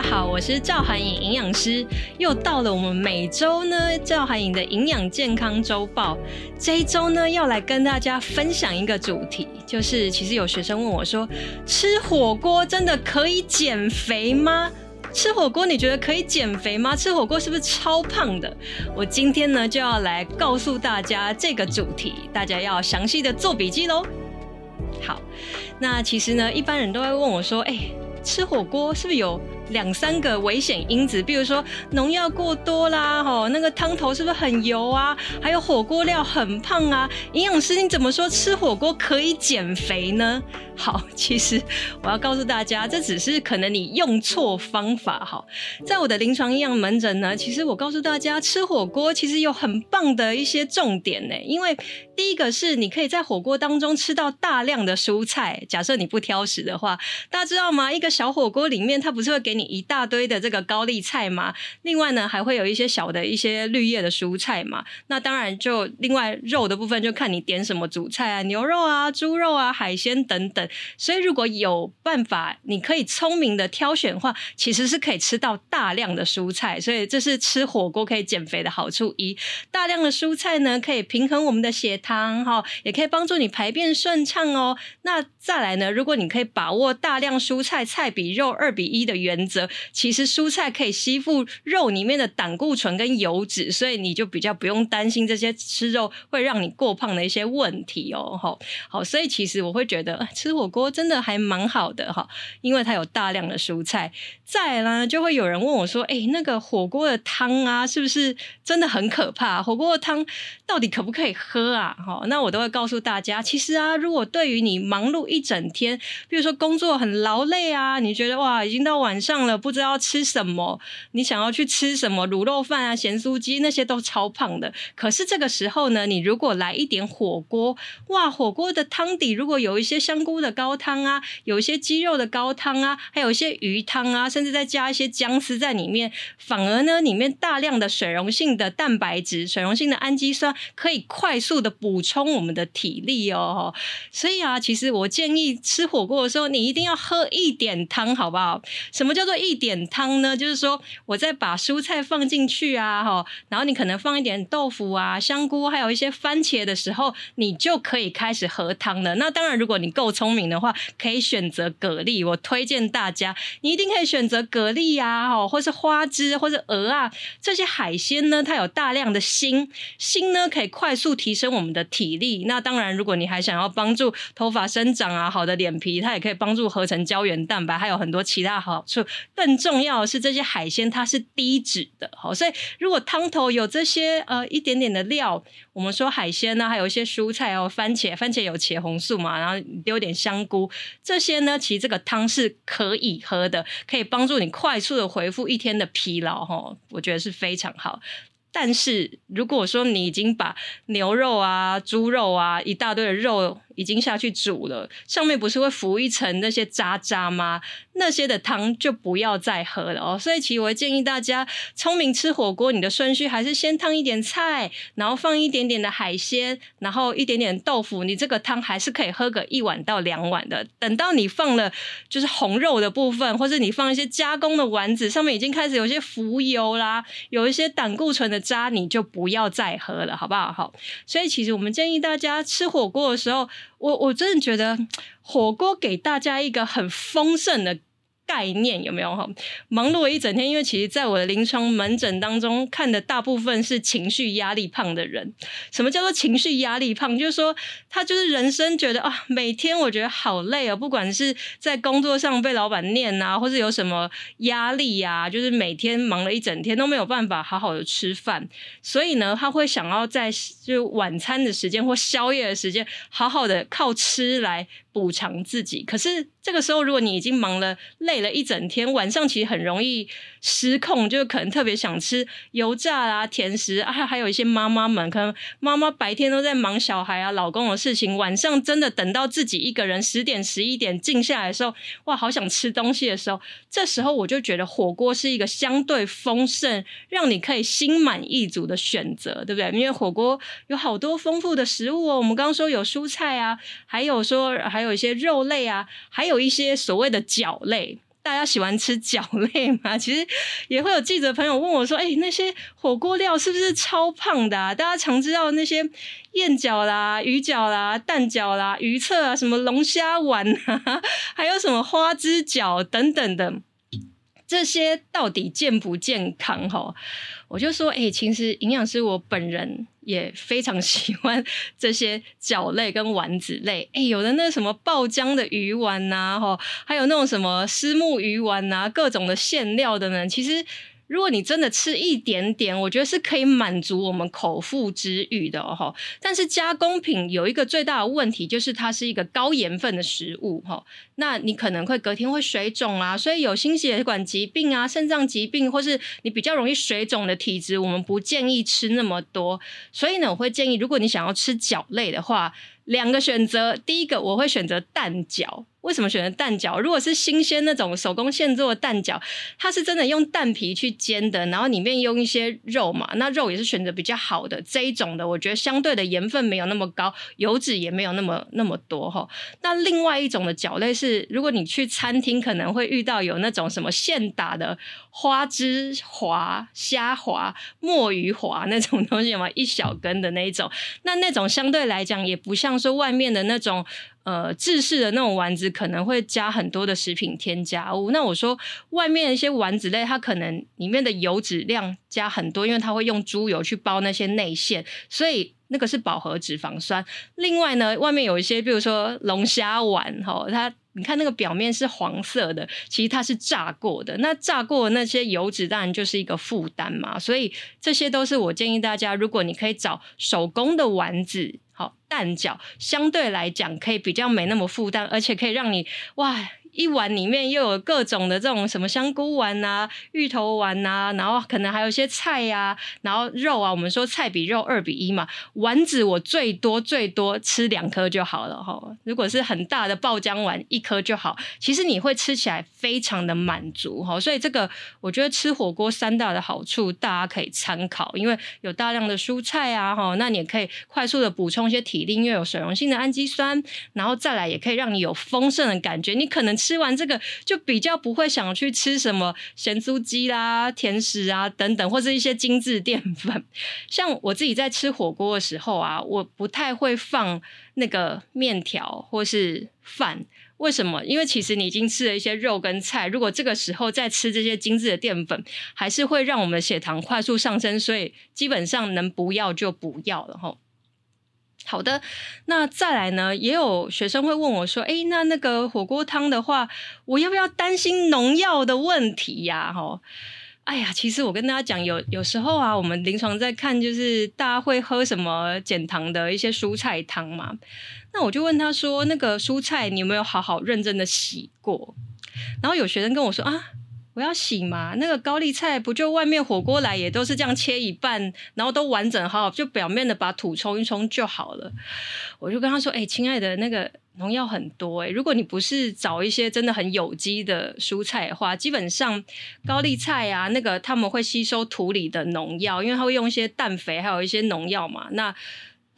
大家好，我是趙函穎營養師，又到了我們每周呢趙函穎的營養健康周報。這一周呢，要來跟大家分享一個主題，就是其實有學生問我說，吃火鍋真的可以減肥嗎？吃火鍋你覺得可以減肥嗎？吃火鍋是不是超胖的？我今天呢就要來告訴大家這個主題，大家要詳細的做筆記嘍。好，那其實呢，一般人都會問我說，哎、欸，吃火鍋是不是有？兩三個危險因子，比如說農藥過多啦，吼、哦，那個湯頭是不是很油啊？還有火鍋料很胖啊？營養師你怎麼說吃火鍋可以減肥呢？好，其實我要告訴大家，這只是可能你用錯方法。好，在我的臨床營養門診呢，其實我告訴大家，吃火鍋其實有很棒的一些重點呢。因為第一個是你可以在火鍋當中吃到大量的蔬菜，假設你不挑食的話，大家知道嗎？一個小火鍋裡面，它不是會給你你一大堆的這個高麗菜嘛，另外呢還會有一些小的一些綠葉的蔬菜嘛。那當然就另外肉的部分就看你點什麼主菜啊，牛肉啊、豬肉啊、海鮮等等。所以如果有辦法，你可以聰明的挑選的話，其實是可以吃到大量的蔬菜。所以這是吃火鍋可以減肥的好處一。大量的蔬菜呢，可以平衡我們的血糖哈，也可以幫助你排便順暢哦。那再來呢，如果你可以把握大量蔬菜菜比肉二比一的原則，其實蔬菜可以吸附肉裡面的膽固醇跟油脂，所以你就比較不用擔心這些吃肉會讓你過胖的一些問題哦。好，好，所以其實我會覺得吃火鍋真的還蠻好的哈，因為它有大量的蔬菜。再啦，就會有人問我說：“哎、欸，那個火鍋的湯啊，是不是真的很可怕？火鍋的湯到底可不可以喝啊？”那我都會告訴大家，其實啊，如果對於你忙碌一整天，比如說工作很勞累啊，你覺得哇，已經到晚上。胖了不知道吃什麼，你想要去吃什麼滷肉飯啊、鹹酥雞那些都超胖的。可是這個時候呢，你如果來一點火鍋，哇，火鍋的湯底如果有一些香菇的高湯啊，有一些雞肉的高湯啊，還有一些魚湯啊，甚至再加一些薑絲在裡面，反而呢，裡面大量的水溶性的蛋白質、水溶性的氨基酸可以快速的補充我們的體力哦。所以啊，其實我建議吃火鍋的時候，你一定要喝一點湯，好不好？什麼叫？做一點湯呢，就是說，我再把蔬菜放進去啊，然後你可能放一點豆腐啊、香菇，還有一些番茄的時候，你就可以開始喝湯了。那當然，如果你夠聰明的話，可以選擇蛤蜊，我推薦大家，你一定可以選擇蛤蜊呀、啊，或是花枝，或是蚵啊，這些海鮮呢，它有大量的鋅，鋅呢可以快速提升我們的體力。那當然，如果你還想要幫助頭髮生長啊，好的臉皮，它也可以幫助合成膠原蛋白，還有很多其他好處。更重要的是，這些海鮮它是低脂的，所以如果湯頭有這些呃一點點的料，我們說海鮮呢、啊，還有一些蔬菜哦、啊，番茄，番茄有茄紅素嘛，然後丟點香菇，這些呢，其實這個湯是可以喝的，可以幫助你快速的恢復一天的疲勞，我覺得是非常好。但是如果說你已經把牛肉啊、豬肉啊一大堆的肉，已經下去煮了，上面不是會浮一層那些渣渣嗎？那些的湯就不要再喝了哦。所以，其實我會建議大家，聰明吃火鍋，你的順序還是先燙一點菜，然後放一點點的海鮮，然後一點點豆腐。你這個湯還是可以喝個一碗到兩碗的。等到你放了就是紅肉的部分，或者你放一些加工的丸子，上面已經開始有些浮油啦，有一些膽固醇的渣，你就不要再喝了，好不好？好。所以，其實我們建議大家吃火鍋的時候。我我真的覺得火鍋給大家一個很豐盛的。概念有沒有哈？忙碌了一整天，因為其實在我的臨床門診當中看的大部分是情緒壓力胖的人。什麼叫做情緒壓力胖？就是說他就是人生覺得啊，每天我覺得好累啊，哦，不管是在工作上被老闆念啊，或是有什麼壓力啊，就是每天忙了一整天都沒有辦法好好的吃飯，所以呢，他會想要在就晚餐的時間或宵夜的時間，好好的靠吃來，補償自己，可是這個時候，如果你已經忙了、累了一整天，晚上其實很容易失控，就可能特別想吃油炸啊、甜食啊，還有一些媽媽們，可能媽媽白天都在忙小孩啊、老公的事情，晚上真的等到自己一個人十點、十一點靜下來的時候，哇，好想吃東西的時候，這時候我就覺得火鍋是一個相對豐盛，讓你可以心滿意足的選擇，對不對？因為火鍋有好多豐富的食物哦，我們剛剛說有蔬菜啊，還有說還有。有一些肉類啊，還有一些所謂的餃類，大家喜歡吃餃類嘛，其實也會有記者朋友問我說：“誒、欸，那些火鍋料是不是超胖的、啊？”大家常知道那些燕餃啦、魚餃啦、蛋餃啦、魚冊啊，什麼龍蝦丸啊，還有什麼花枝餃等等的。這些到底健不健康？哈，我就說，哎、欸，其實營養師我本人也非常喜歡這些餃類跟丸子類，哎、欸，有的那什麼爆漿的魚丸吶，哈，還有那種什麼絲木魚丸吶、啊，各種的餡料的呢，其實。如果你真的吃一點點，我覺得是可以滿足我們口腹之欲的、哦、但是加工品有一個最大的問題，就是它是一個高鹽分的食物、哦、那你可能會隔天會水腫啊，所以有心血管疾病啊、腎臟疾病，或是你比較容易水腫的體質，我們不建議吃那麼多。所以呢，我會建議，如果你想要吃餃類的話。兩個選擇，第一個我會選擇蛋餃。為什麼選擇蛋餃？如果是新鮮那種手工現做的蛋餃，它是真的用蛋皮去煎的，然後裡面用一些肉嘛，那肉也是選擇比較好的。這一種的我覺得相對的鹽分沒有那麼高，油脂也沒有那麼那麼多哈。那另外一種的餃類是，如果你去餐廳可能會遇到有那種什麼現打的花枝滑、蝦滑、墨魚滑那種東西嘛，一小根的那一種。那那種相對來講也不像。說外面的那種，呃，制式的那種丸子，可能會加很多的食品添加物。那我說外面的一些丸子類，它可能裡面的油脂量加很多，因為它會用豬油去包那些內餡，所以那個是飽和脂肪酸。另外呢，外面有一些，比如說龍蝦丸，哈，它你看那個表面是黃色的，其實它是炸過的。那炸過那些油脂，當然就是一個負擔嘛。所以這些都是我建議大家，如果你可以找手工的丸子，哈。蛋餃相對來講可以比較沒那麼負擔，而且可以讓你哇。一碗裡面又有各種的這種什麼香菇丸啊、芋頭丸啊，然後可能還有一些菜呀、啊，然後肉啊。我們說菜比肉二比一嘛，丸子我最多最多吃兩顆就好了哈。如果是很大的爆漿丸，一顆就好。其實你會吃起來非常的滿足。所以這個我覺得吃火鍋三大的好處大家可以參考，因為有大量的蔬菜啊，那你也可以快速的補充一些體力，因為有水溶性的氨基酸，然後再來也可以讓你有豐盛的感覺。你可能吃。吃完這個就比較不會想去吃什麼鹹酥雞啦、啊、甜食啊等等，或是一些精緻澱粉。像我自己在吃火鍋的時候啊，我不太會放那個麵條或是飯。為什麼？因為其實你已經吃了一些肉跟菜，如果這個時候再吃這些精緻的澱粉，還是會讓我們血糖快速上升。所以基本上能不要就不要了，吼。好的，那再來呢？也有學生會問我說：“誒、欸，那那個火鍋湯的話，我要不要擔心農藥的問題呀、啊？”吼、哦，哎呀，其實我跟大家講，有有時候啊，我們臨床在看，就是大家會喝什麼減糖的一些蔬菜湯嘛。那我就問他說：“那個蔬菜你有沒有好好認真的洗過？”然後有學生跟我說：“啊。”我要洗嘛，那個高麗菜不就外面火鍋來也都是這樣切一半，然後都完整好，好，就表面的把土沖一沖就好了。我就跟他說，哎、欸，親愛的，那個農藥很多哎、欸，如果你不是找一些真的很有機的蔬菜的話，基本上高麗菜啊，那個他們會吸收土裡的農藥，因為他會用一些氮肥，還有一些農藥嘛，那。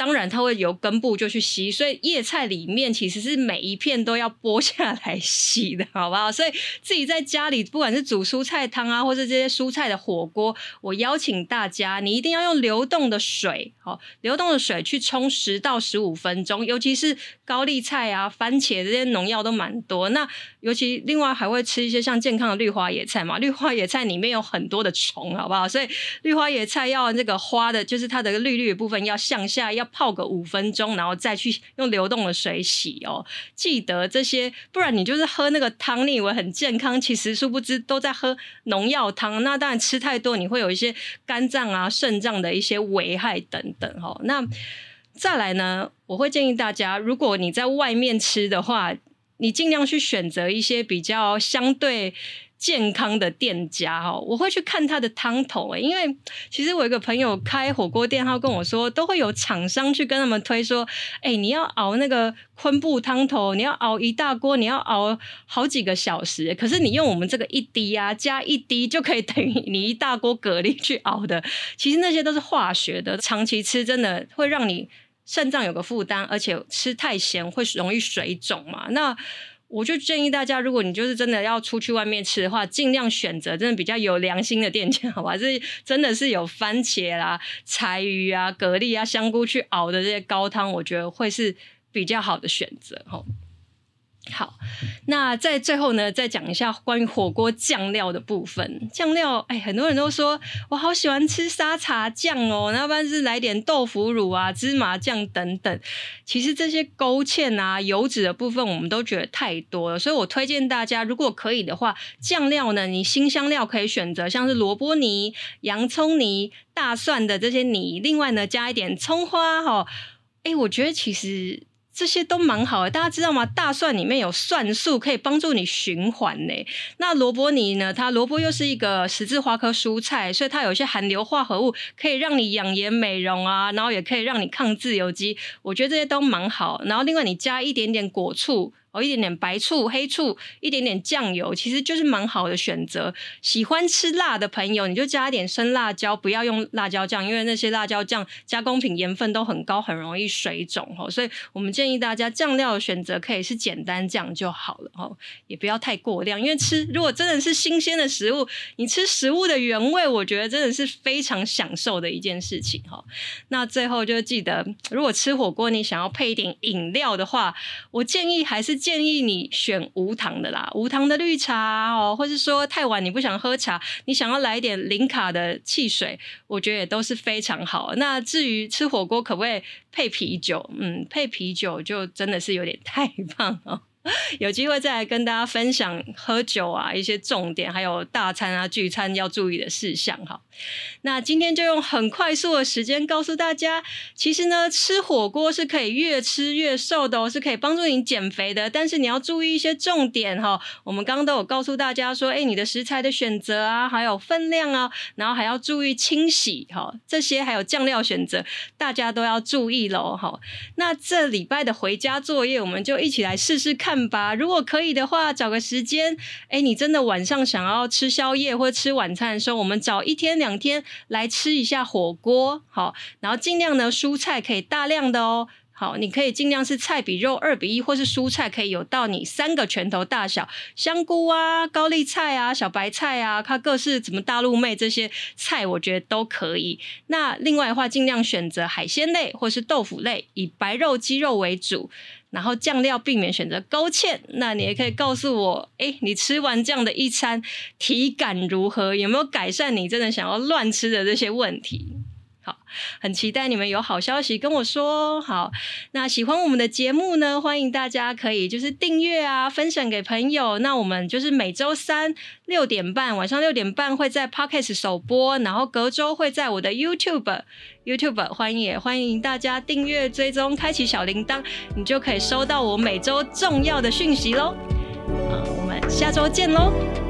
當然，它會由根部就去洗。所以葉菜裡面其實是每一片都要剝下來洗的，好不好？所以自己在家裡不管是煮蔬菜湯啊，或是這些蔬菜的火鍋，我邀請大家，你一定要用流動的水，好，流動的水去沖十到十五分鐘。尤其是高麗菜啊、番茄這些農藥都蠻多。那尤其另外還會吃一些像健康的綠花椰菜嘛，綠花椰菜裡面有很多的蟲，好不好？所以綠花椰菜要那個花的，就是它的綠綠的部分要向下要。泡個五分鐘，然後再去用流動的水洗哦。記得這些，不然你就是喝那個湯，你以為很健康，其實殊不知都在喝農藥湯。那當然吃太多，你會有一些肝臟啊、腎臟的一些危害等等哈、哦。那再來呢，我會建議大家，如果你在外面吃的話，你儘量去選擇一些比較相對。健康的店家哦，我會去看他的湯頭誒，因為其實我一個朋友開火鍋店，他跟我說都會有廠商去跟他們推說，哎、欸，你要熬那個昆布湯頭，你要熬一大鍋，你要熬好幾個小時。可是你用我們這個一滴呀、啊，加一滴就可以等於你一大鍋蛤蜊去熬的。其實那些都是化學的，長期吃真的會讓你腎臟有個負擔，而且吃太鹹會容易水腫嘛。那我就建議大家，如果你就是真的要出去外面吃的話，盡量選擇真的比較有良心的店家，好吧？這真的是有番茄啦、柴魚啊、蛤蜊啊、香菇去熬的這些高湯，我覺得會是比較好的選擇，吼。好，那在最後呢，再講一下關於火鍋醬料的部分。醬料，哎、欸，很多人都說我好喜歡吃沙茶醬哦，那不然是來點豆腐乳啊、芝麻醬等等。其實這些勾芡啊、油脂的部分，我們都覺得太多了，所以我推薦大家，如果可以的話，醬料呢，你辛香料可以選擇像是蘿蔔泥、洋蔥泥、大蒜的這些泥，另外呢加一點蔥花哈、哦。哎、欸，我覺得其實。這些都蠻好，大家知道嗎？大蒜裡面有蒜素，可以幫助你循環呢。那蘿蔔泥呢？它蘿蔔又是一個十字花科蔬菜，所以它有一些含硫化合物，可以讓你養顏美容啊，然後也可以讓你抗自由基。我覺得這些都蠻好。然後另外你加一點點果醋。哦，一點點白醋、黑醋，一點點醬油，其實就是蠻好的選擇。喜歡吃辣的朋友，你就加一點生辣椒，不要用辣椒醬，因為那些辣椒醬加工品鹽分都很高，很容易水腫哦。所以我們建議大家醬料的選擇可以是簡單醬就好了哦，也不要太過量，因為吃如果真的是新鮮的食物，你吃食物的原味，我覺得真的是非常享受的一件事情哈、哦。那最後就記得，如果吃火鍋你想要配一點飲料的話，我建議還是。建議你選無糖的啦，無糖的綠茶哦、啊，或者是說太晚你不想喝茶，你想要來一點零卡的汽水，我覺得也都是非常好。那至於吃火鍋可不可以配啤酒？嗯，配啤酒就真的是有點太棒了。有機會再來跟大家分享喝酒啊，一些重點，還有大餐啊，聚餐要注意的事項哈。那今天就用很快速的時間告訴大家，其實呢，吃火鍋是可以越吃越瘦的，哦，是可以幫助你減肥的。但是你要注意一些重點哈、哦。我們剛剛都有告訴大家說，哎、欸，你的食材的選擇啊，還有分量啊，然後還要注意清洗哈、哦，這些還有醬料選擇，大家都要注意嘍哈。那這禮拜的回家作業，我們就一起來試試看。看吧，如果可以的話，找個時間，哎，你真的晚上想要吃宵夜或者吃晚餐的時候，我們找一天兩天來吃一下火鍋，好，然後盡量呢蔬菜可以大量的哦，好，你可以盡量是菜比肉二比一，或是蔬菜可以有到你三個拳頭大小，香菇啊、高麗菜啊、小白菜啊，它各是什麼大陸妹這些菜我覺得都可以。那另外的話，盡量選擇海鮮類或是豆腐類，以白肉雞肉為主。然後醬料避免選擇勾芡。那你也可以告訴我，哎，你吃完這樣的一餐，體感如何？有沒有改善你真的想要亂吃的這些問題？好，很期待你們有好消息跟我說。好，那喜歡我們的節目呢，歡迎大家可以就是訂閱啊，分享給朋友。那我們就是每周三六點半，晚上六點半會在 Podcast 首播，然後隔周會在我的 YouTube YouTube 歡迎也歡迎大家訂閱追蹤，開啟小鈴鐺，你就可以收到我每周重要的訊息嘍。啊，我們下周見嘍。